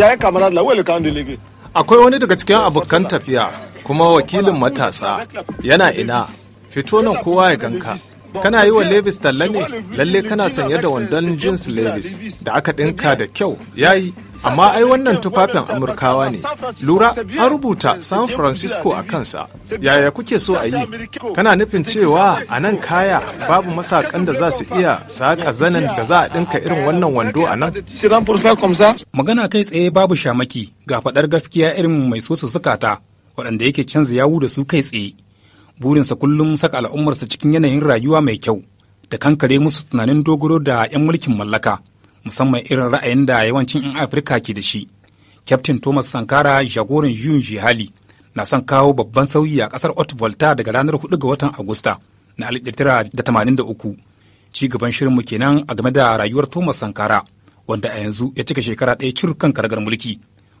yayin kamar Allah wai kan akwai wani daga cikin abokan tafiya kuma wakilin matasa yana ina fito nan kowa ya ganka kana yi wa levis talla ne lalle kana sanye da wandon jeans levis da aka ɗinka da kyau yayi amma ai wannan tufafin amurkawa ne lura an rubuta san francisco a kansa yaya kuke so a yi kana nufin cewa a nan kaya babu masakan da za su iya saƙa zanen da za a ɗinka irin wannan wando a nan magana kai tsaye babu shamaki ga faɗar gaskiya irin mai so su ta waɗanda yake canza yawu da su kai tsaye burinsa kullum saka al'ummarsa cikin yanayin rayuwa mai kyau da kankare musu tunanin dogaro da 'yan mulkin mallaka musamman irin ra'ayin da yawancin 'yan afirka ke da shi kyaftin thomas sankara jagoran yun jihali na son kawo babban sauyi a kasar ot volta daga ranar 4 ga watan agusta na 1983 ci gaban shirinmu kenan a game da rayuwar thomas sankara wanda a yanzu ya cika shekara ɗaya cir kan karagar mulki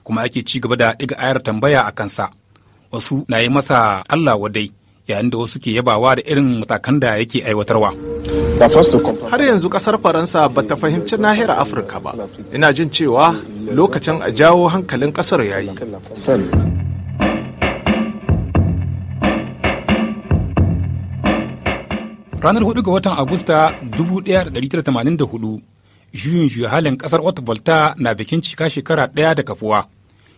kuma ake ci gaba da ɗiga ayar tambaya a kansa wasu na yi masa allah wadai yayin da wasu ke yabawa da irin matakan da yake aiwatarwa. Har yanzu kasar Faransa ba ta fahimci nahiyar Afirka ba. Ina jin cewa lokacin a jawo hankalin kasar ya yi. Ranar 4 ga watan Agusta 1984, juyin juya halin kasar Volta na bikin cika shekara ɗaya da kafuwa.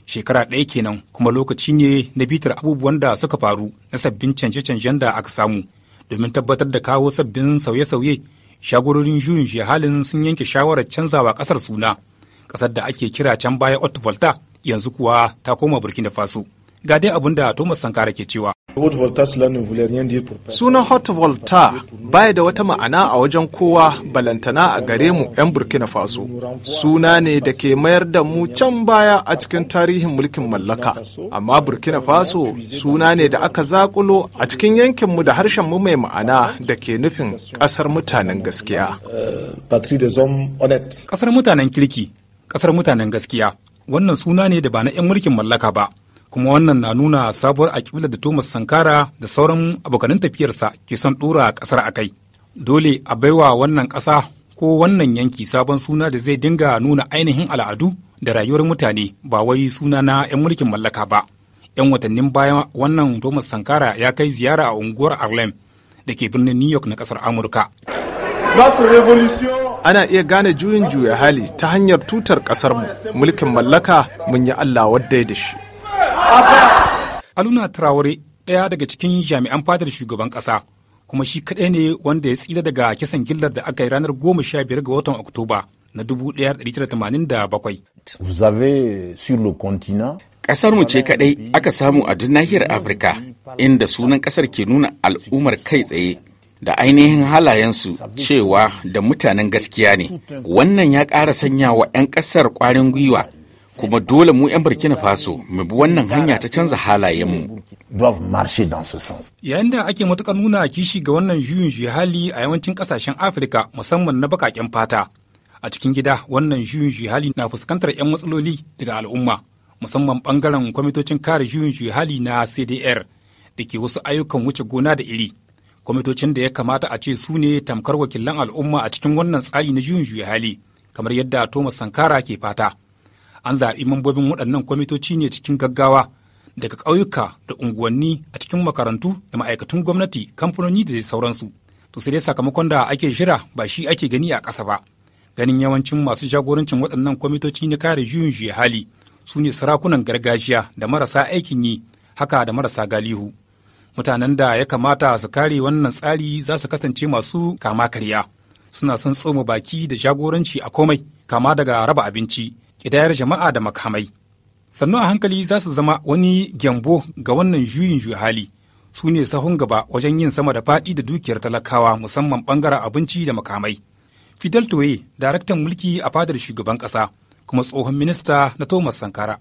Shekara ɗaya kenan kuma lokaci ne na bitar abubuwan da suka faru na sabbin canje-canjen da aka samu. domin tabbatar da kawo sabbin sauye-sauye shagororin juyin shi halin sun yanke shawarar canzawa kasar suna kasar da ake kira can baya otvolta yanzu kuwa ta koma burkina faso ga dai abin da thomas sankara ke cewa Sunan Hot Volta baya da wata ma'ana a wajen kowa balantana a gare mu 'yan Burkina Faso. Suna ne da ke mayar da mu can baya a cikin tarihin mulkin mallaka. Amma Burkina Faso suna ne da aka zakulo a cikin yankinmu da harshen mu mai ma'ana da ke nufin ƙasar mutanen gaskiya. Ƙasar mutanen kirki, ƙasar mutanen gaskiya, wannan suna ne da ba na 'yan mulkin mallaka ba. kuma wannan na nuna sabuwar aƙiblar da thomas sankara da sauran abokanin tafiyarsa ke son dora ƙasar a kai dole a baiwa wannan ƙasa ko wannan yanki sabon suna da zai dinga nuna ainihin al'adu da rayuwar mutane ba wai suna na 'yan mulkin mallaka ba 'yan watannin baya wannan thomas sankara ya kai ziyara a unguwar harlem da ke birnin new york na ƙasar amurka ana iya gane juyin juya hali ta hanyar tutar ƙasarmu mulkin mallaka mun yi allah wadda da shi Aluna Traore ɗaya daga cikin jami'an fadar shugaban ƙasa kuma shi kaɗai ne wanda ya tsira daga kisan gillar da aka yi ranar goma sha biyar ga watan Oktoba na 1987. Ƙasar mu ce kaɗai aka samu a duk nahiyar Afirka inda sunan ƙasar ke nuna al'ummar kai tsaye da ainihin halayensu cewa da mutanen gaskiya ne. Wannan ya ƙara sanya wa 'yan ƙasar ƙwarin gwiwa kuma dole mu 'yan burkina faso mu bi wannan hanya ta canza halayenmu yayin da ake matukar nuna kishi ga wannan juyin juyi hali a yawancin ƙasashen afirka musamman na bakaken fata a cikin gida wannan juyin juyi hali na fuskantar 'yan matsaloli daga al'umma musamman bangaren kwamitocin kare juyin juyi hali na cdr da ke wasu ayyukan wuce gona da iri kwamitocin da ya kamata a ce su ne tamkar wakilan al'umma a cikin wannan tsari na juyin juyi hali kamar yadda thomas sankara ke fata an zaɓi mambobin waɗannan kwamitoci ne cikin gaggawa daga ƙauyuka da unguwanni a cikin makarantu da ma'aikatun gwamnati kamfanoni da sauransu to sai dai sakamakon da ake shira ba shi ake gani a ƙasa ba ganin yawancin masu jagorancin waɗannan kwamitoci na kare juyin juya hali su ne sarakunan gargajiya da marasa aikin yi haka da marasa galihu mutanen da ya kamata su kare wannan tsari za su kasance masu kama karya suna son tsoma baki da jagoranci a komai kama daga raba abinci ƙidayar jama'a da makamai sannu a hankali za su zama wani gyambo ga wannan juyin juya hali su ne sahun gaba wajen yin sama da faɗi da dukiyar talakawa musamman ɓangaren abinci da makamai fidel toye daraktan mulki a fadar shugaban ƙasa kuma tsohon minista na Thomas Sankara.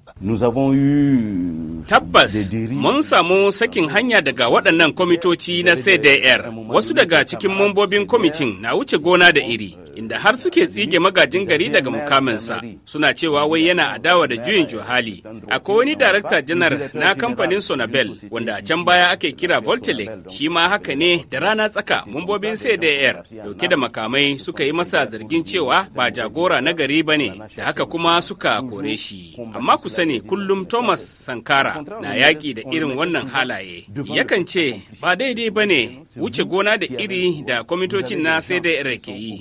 Tabbas mun samu sakin hanya daga waɗannan kwamitoci na CDR wasu daga cikin mambobin kwamitin na wuce gona da iri inda har suke tsige magajin gari daga mukaminsa suna cewa wai yana adawa da juyin johali akwai wani darakta janar na kamfanin sonabel wanda a can baya ake kira voltelec shi ma haka ne da rana tsaka mambobin cdr dauke da makamai suka yi masa zargin cewa ba jagora na gari ba ne da haka kuma suka kore shi amma ku sani kullum thomas sankara na yaƙi da irin wannan halaye yakan ce ba daidai ba ne wuce gona da iri da kwamitocin na cdr ke yi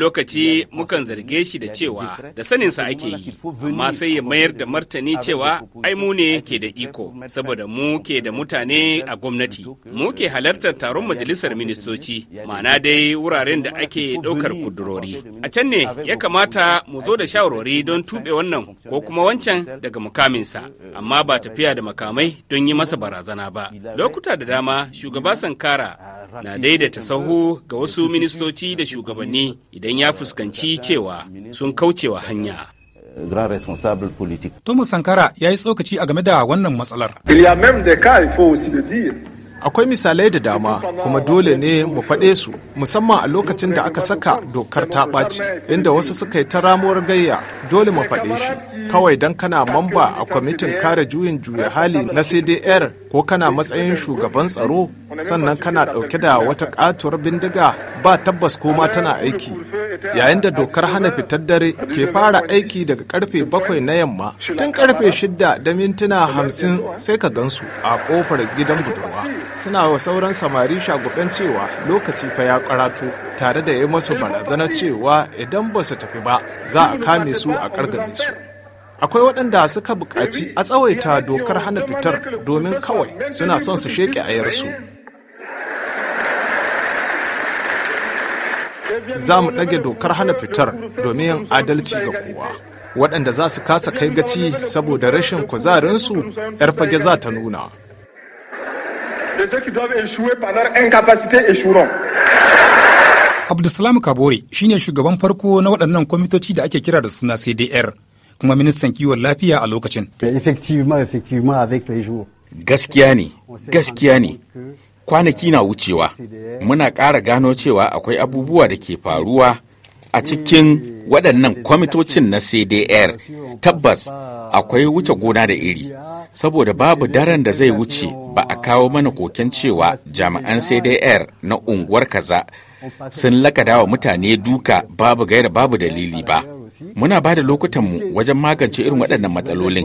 lokaci mukan zarge shi da cewa da saninsa ake yi, amma sai ya mayar da martani cewa ai mu ne ke da iko, saboda mu ke da mutane a gwamnati, mu ke halartar taron majalisar ministoci, ma'ana dai wuraren da ake ɗaukar kudurori. A can ne ya kamata mu zo da shawarwari don tuɓe wannan ko kuma wancan daga mukaminsa, amma ba tafiya da makamai don yi masa barazana ba. Lokuta da dama shugaba Sankara na daidaita sahu ga wasu ministoci da shugabanni idan ya fuskanci cewa sun kaucewa hanya. Thomas Sankara ya yi tsokaci a game da wannan matsalar. Akwai misalai da dama kuma dole ne mu faɗe su musamman a lokacin da aka saka dokar ta ɓaci inda wasu suka yi ta ramuwar gayya dole mu faɗe shi kawai don kana mamba a kwamitin kare juyin juya hali na CDR ko kana matsayin shugaban tsaro sannan kana ɗauke da wata ƙatuwar bindiga ba tabbas koma tana aiki yayin da dokar hana fitar dare ke fara aiki daga karfe bakwai na yamma tun karfe shida da mintuna hamsin sai ka gansu a kofar gidan budurwa suna wa sauran samari shagudan cewa lokaci fa ya karatu tare da ya masu barazana cewa idan ba su tafi ba za a kame su a kargame su akwai waɗanda suka buƙaci a tsawaita dokar hana fitar domin kawai suna son su a yarsu. za mu ɗage dokar hana fitar domin yin adalci ga kowa waɗanda za su kasa kai gaci saboda rashin kuzarinsu 'yar fage za ta nuna abdulsalam kabore ne shugaban farko na waɗannan kwamitoci da ake kira da suna cdr kuma ministan kiwon lafiya a lokacin. Gaskiya ne, gaskiya ne. Kwanaki na wucewa, muna ƙara gano cewa akwai abubuwa da ke faruwa a cikin waɗannan kwamitocin na CDR. Tabbas akwai wuce gona da iri, saboda babu daren da zai wuce ba a kawo mana koken cewa jami'an CDR na unguwar kaza sun lakada wa mutane duka babu gaira babu dalili ba. Muna ba da lokutanmu wajen magance irin waɗannan matsalolin.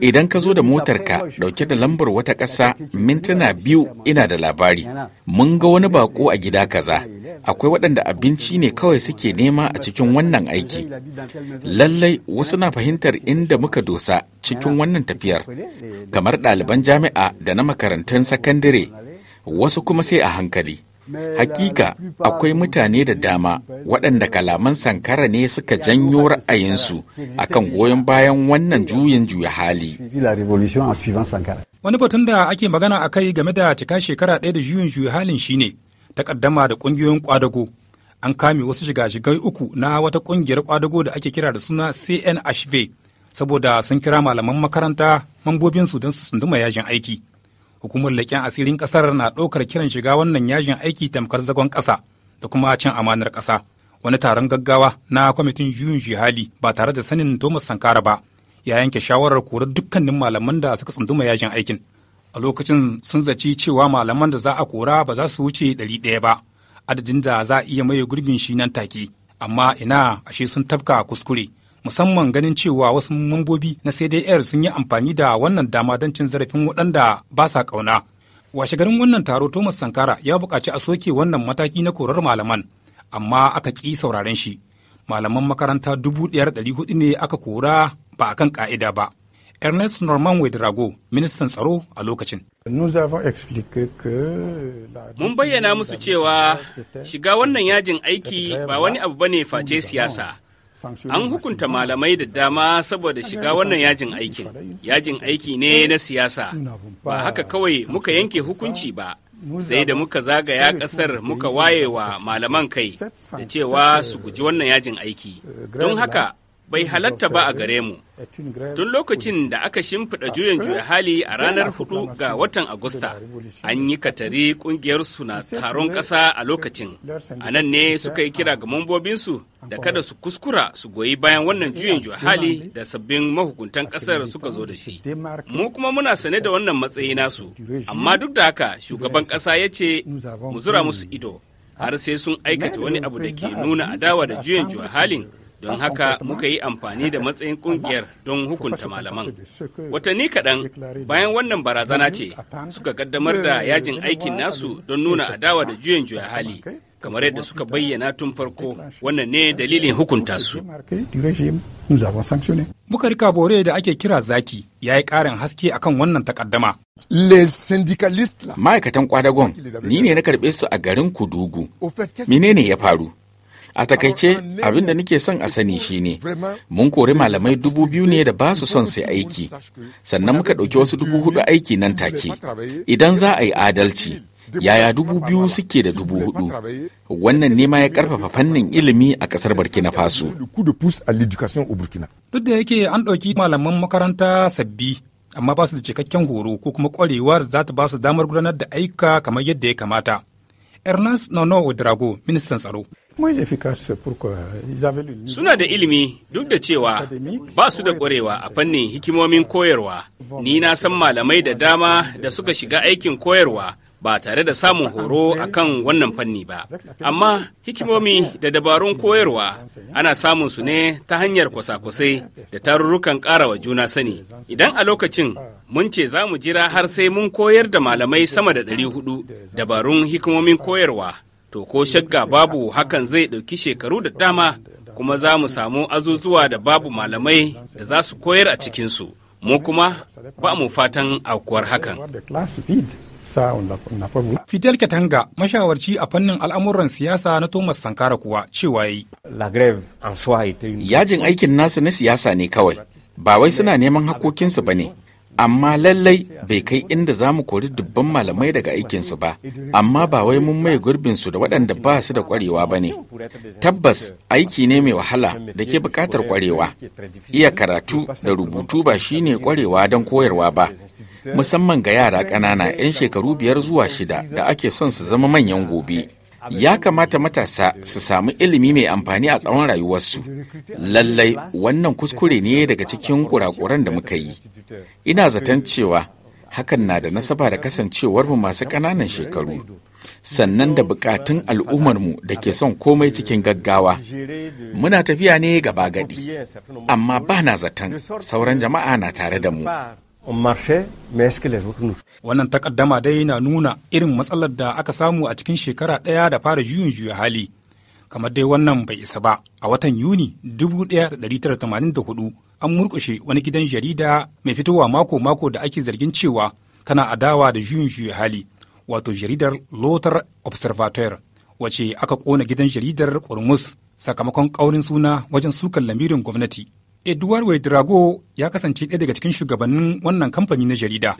Idan ka zo da motarka ɗauke da lambar wata ƙasa mintuna biyu ina da labari. Mun ga wani baƙo a gida kaza. Akwai waɗanda abinci ne kawai suke nema a cikin wannan aiki. Lallai wasu na fahimtar inda muka dosa cikin wannan tafiyar. Kamar ɗaliban jami'a da na makarantun sakandare. Wasu kuma sai a hankali. Hakika akwai mutane da dama waɗanda kalaman Sankara ne suka janyo ra'ayinsu akan goyon bayan wannan juyin juya hali. Wani batun da ake magana a kai game da cika shekara ɗaya da juyin juya halin shi shine takaddama da ƙungiyoyin ƙwadago. An kame wasu shiga-shigai uku na wata ƙungiyar ƙwadago da ake kira da suna CNHV saboda sun kira malaman makaranta mambobinsu don su sunduma yajin aiki. hukumar leƙen asirin ƙasar na ɗaukar kiran shiga wannan yajin aiki tamkar zagon ƙasa da kuma cin amanar ƙasa wani taron gaggawa na kwamitin juyin jihali ba tare da sanin thomas sankara ba ya yanke shawarar korar dukkanin malaman da suka tsunduma yajin aikin a lokacin sun zaci cewa malaman da za a kora ba za su wuce ɗari ɗaya ba adadin da za a iya maye gurbin shi nan take amma ina ashe sun tafka kuskure musamman ganin cewa wasu mambobi na CDR sun yi amfani da wannan dama don cin zarafin waɗanda ba sa ƙauna. Washe garin wannan taro Thomas Sankara ya buƙaci a soke wannan mataki na korar malaman, amma aka ƙi sauraren shi. Malaman makaranta dubu ɗaya ɗari hudu ne aka kora ba a kan ƙa'ida ba. Ernest Norman Wedrago, ministan tsaro a lokacin. Mun bayyana musu cewa shiga wannan yajin aiki ba wani abu bane face siyasa. An hukunta malamai da dama saboda shiga wannan yajin aikin. Yajin aiki ne na siyasa. Ba haka kawai muka yanke hukunci ba. Sai da muka zagaya kasar muka wayewa malaman kai da cewa su eh, guji wannan yajin aiki. Eh, Don haka bai halatta ba a gare mu. Tun lokacin da aka shimfiɗa juyin juya hali a ranar hudu ga watan Agusta, an yi katari ƙungiyarsu na taron ƙasa a lokacin. A nan ne suka yi kira ga mambobinsu da kada su kuskura su goyi bayan wannan juyin juya hali da sabbin mahukuntan ƙasar suka zo da shi. Mu kuma muna sane da wannan matsayi nasu, amma duk da haka shugaban ƙasa ya ce mu zura musu ido har sai sun aikata wani abu da ke nuna adawa da juyin juya halin. don haka muka yi amfani da matsayin kungiyar don hukunta malaman watanni kaɗan bayan wannan barazana ce suka kaddamar da yajin aikin nasu don nuna adawa da juyin juya hali kamar yadda suka bayyana tun farko wannan ne dalilin hukunta su bukari kabore da ake kira zaki ya yi ƙarin haske akan wannan takaddama ma'aikatan kwadagon ni ne na karɓe su a garin kudugu menene ya faru A takaice abin da nake son a sani shine mun kori malamai dubu biyu ne da ba su son sai aiki, sannan muka ɗauki wasu dubu hudu aiki nan take. Idan za a yi adalci, yaya dubu biyu suke da dubu hudu. Wannan nema ya karfafa fannin ilimi a ƙasar Burkina Faso. Duk da yake an ɗauki malaman makaranta sabbi amma ba su da cikakken horo ko kuma ƙwarewar za ta ba su damar gudanar da aika kamar yadda ya kamata. Ernest Nono Odrago, ministan tsaro. Suna da ilimi duk da cewa ba su da ƙwarewa a fannin hikimomin koyarwa. Ni na san malamai da dama da suka shiga aikin koyarwa ba tare da samun horo a kan wannan fanni ba. Amma hikimomi da dabarun koyarwa ana samun su ne ta hanyar kwasa-kwasai da tarurrukan ƙarawa juna sani. Idan a lokacin mun ce za mu jira har sai mun koyar da malamai sama da 400 dabarun hikimomin koyarwa. to ko shakka babu hakan zai ɗauki shekaru da dama kuma za mu samu azuzuwa da babu malamai da za su koyar a cikinsu mu kuma ba mu fatan aukuwar hakan. Fidel Katanga mashawarci a fannin al'amuran siyasa na Thomas Sankara kuwa cewa yi. Yajin aikin nasu na siyasa ne kawai, ba wai suna neman hakokinsu ba ne, amma lallai bai kai inda za mu kori dubban malamai daga aikinsu ba amma ba wai mun mai gurbinsu da waɗanda ba su da ƙwarewa ba ne tabbas aiki ne mai wahala da ke buƙatar ƙwarewa iya karatu da rubutu ba shine ƙwarewa don koyarwa ba musamman ga yara ƙanana 'yan shekaru biyar zuwa shida da ake son su zama manyan gobe ya kamata matasa su samu ilimi mai amfani a tsawon rayuwarsu lallai wannan kuskure ne daga cikin kurakuran da muka yi ina zaton cewa hakan na da nasaba da kasancewarmu masu ƙananan shekaru sannan da bukatun al'ummarmu da ke son komai cikin gaggawa muna tafiya ne gaba gadi amma ba na zaton sauran jama'a na tare da mu mais que les Wannan takaddama dai na nuna irin matsalar da aka samu a cikin shekara ɗaya da fara juyin juya hali. Kamar dai wannan bai isa ba, a watan Yuni 1984 an murƙushe wani gidan jarida mai fitowa mako-mako da ake zargin cewa tana adawa da juyin juya hali, wato jaridar Lothar Observatoire, wace aka ƙona gidan jaridar kurmus sakamakon ƙaurin suna wajen sukan lamirin gwamnati. Edouard Wedrago ya kasance ɗaya daga cikin shugabannin wannan kamfani na jarida.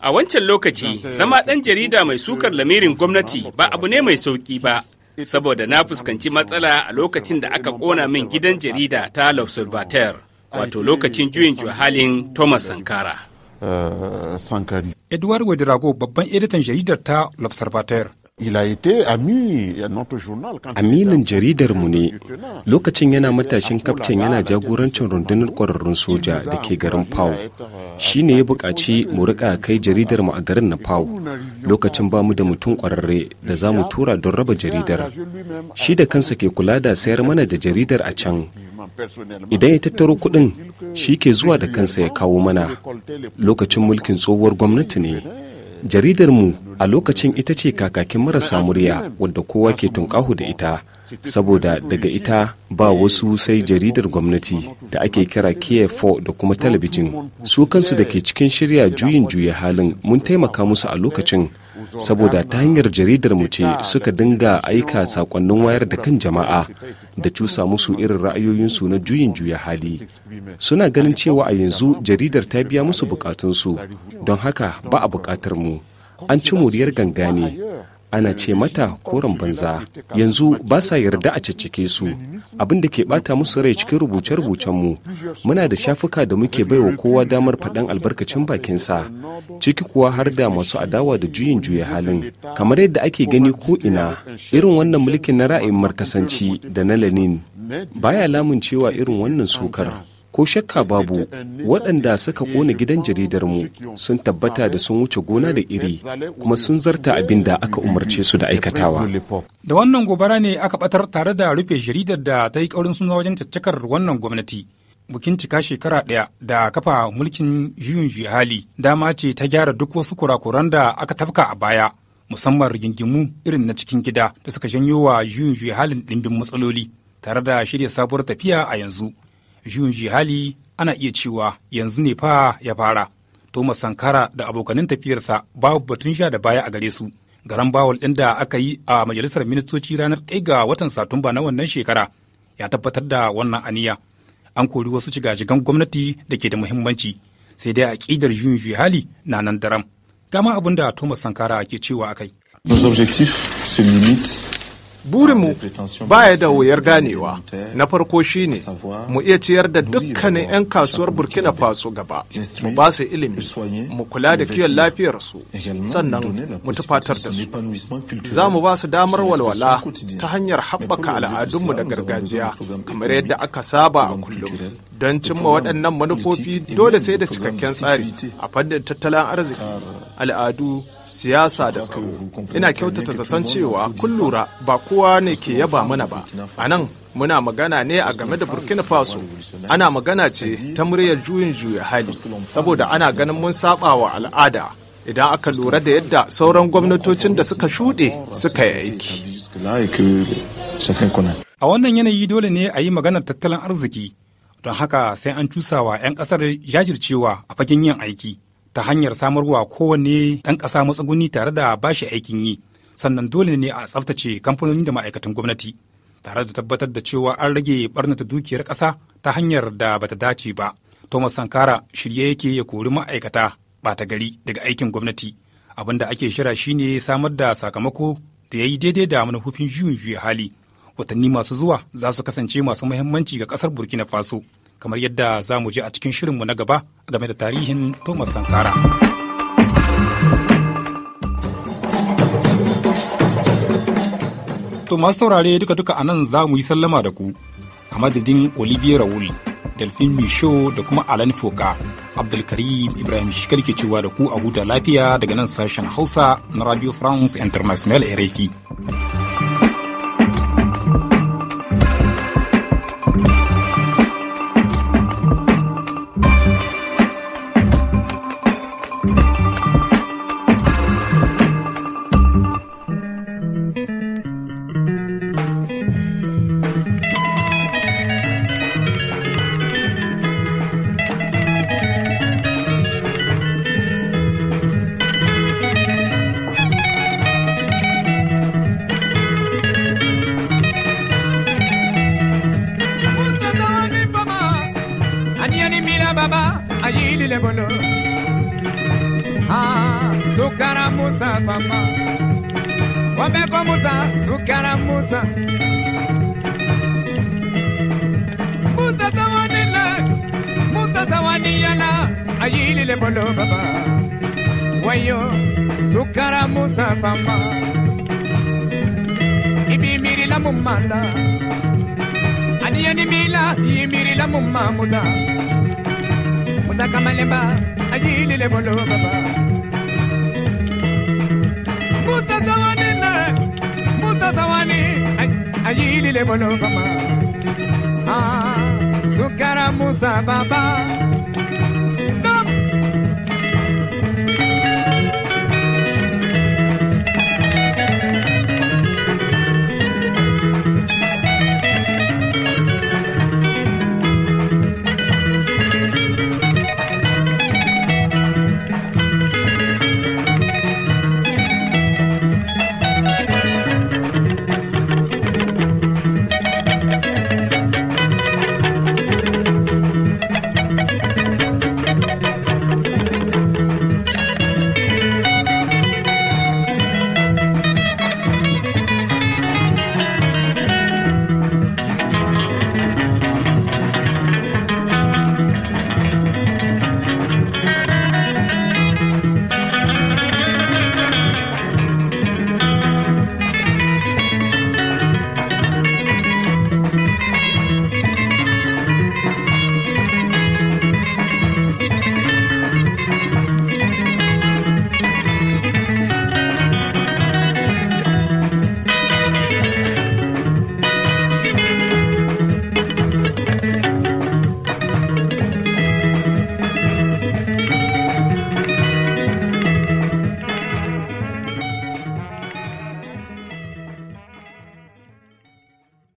A wancan lokaci, zama ɗan jarida mai sukar lamirin gwamnati ba abu ne mai sauƙi ba. Saboda na fuskanci matsala a lokacin da aka ƙona min gidan jarida ta L'Observateur, wato lokacin juyin halin Thomas Sankara. Edward euh, Edouard Wedrago babban editan jaridar ta L'Observateur Aminin jaridar mu ne lokacin yana matashin kaftan yana jagorancin rundunar kwararrun soja da ke garin Pau. Euh, shi ne ya buƙaci mu riƙa kai mu a garin na Pau lokacin ba mu da mutum ƙwararre da za mu tura don raba jaridar. Shi da kansa ke kula da sayar mana da jaridar a can. Idan ya tattaro kuɗin shi ke zuwa da kansa ya kawo mana lokacin mulkin tsohuwar gwamnati ne. Jaridar mu a lokacin ita ce kakakin marasa murya wadda kowa ke tunƙahu da ita saboda daga ita ba wasu sai jaridar gwamnati da ake kira KF4 da kuma talabijin su kansu da ke cikin shirya juyin juya halin mun taimaka musu a lokacin saboda ta hanyar jaridar mu ce suka dinga aika sakonnin wayar da kan jama'a da cusa musu irin ra'ayoyinsu na juyin juya hali suna ganin cewa a yanzu jaridar ta biya musu bukatunsu don haka ba a bukatar mu an ci muriyar gangane. ana ce mata koren banza yanzu ba sa yarda a caccake su abin da ke bata musu rai cikin rubuce-rubucen mu muna da shafuka da muke baiwa kowa damar faɗan albarkacin bakinsa ciki kuwa har da masu adawa da juyin juya halin kamar yadda ake gani ko ina irin wannan mulkin na ra'ayin markasanci da na lenin baya lamun cewa irin wannan sukar ko shakka babu waɗanda suka ƙona gidan jaridar mu sun tabbata da sun wuce gona da iri kuma sun zarta abin da aka umarce su da aikatawa. Da wannan gobara ne aka batar tare da rufe jaridar da ta yi ƙaurin suna wajen caccakar wannan gwamnati. Bukin cika shekara ɗaya da kafa mulkin juyin hali dama ce ta gyara duk wasu kurakuran da aka tafka a baya musamman rigingimu irin na cikin gida da suka janyo wa juyin halin ɗimbin matsaloli tare da shirya sabuwar tafiya a yanzu juyin jihali ana iya cewa yanzu ne fa ya fara thomas sankara da abokanin tafiyarsa babu batun sha da baya a gare su garan bawal ɗin da aka yi a majalisar ministoci ranar ɗaya ga watan satumba na wannan shekara ya tabbatar da wannan aniya an kori wasu shiga-shigan gwamnati da ke da muhimmanci sai dai aƙidar juyin jihali na nan daram gama abin da thomas sankara ke cewa akai Nos objectifs se limitent burinmu baya da wuyar ganewa na farko shine mu iya ciyar da dukkanin 'yan kasuwar burkina faso gaba mu ba su ilimi mu kula da kiwon lafiyarsu sannan mu tufatar da su za mu ba su damar walwala ta hanyar haɓaka al'adunmu da gargajiya kamar yadda aka saba a kullum don cimma waɗannan manufofi dole sai da cikakken tsari a fannin tattalin arziki al'adu siyasa da tsaro ina kyautata zaton cewa kun lura ba kowa ne ke yaba mana ba a nan muna magana ne a game da burkina faso ana magana ce ta muryar juyin juya hali saboda ana ganin mun saba wa al'ada idan aka lura da yadda sauran gwamnatocin da suka shuɗe suka yi aiki a wannan yanayi dole ne a yi maganar tattalin arziki don haka sai an cusawa 'yan ƙasar jajircewa a fagen yin aiki ta hanyar samarwa kowane ɗan ƙasa matsuguni tare da bashi aikin yi sannan dole ne a tsaftace kamfanoni da ma'aikatan gwamnati tare da tabbatar da cewa an rage barnata dukiyar ƙasa ta hanyar da bata dace ba thomas sankara shirye yake ya kori ma'aikata ta gari daga aikin gwamnati abin da ake shira shine samar da sakamako da ya yi daidai da manufofin juyin juya hali watanni masu zuwa za su kasance masu muhimmanci ga kasar burkina faso kamar yadda za mu je a cikin mu na gaba game da tarihin thomas sankara to masu saurare duka-duka anan za mu yi sallama da ku a madadin olivier raul delphine michaud da kuma alan foka abdulkarim ibrahim shikar ke cewa da ku a huta lafiya daga nan sashen hausa na radio france international rfi ayili ayilile bolo baba wayo sukara musa fama ibi mirila mumala adiyani mila yi mirila mumamula musa kamaleba ayilile bolo baba musa tawani na musa tawani le bolo baba ah sukara musa baba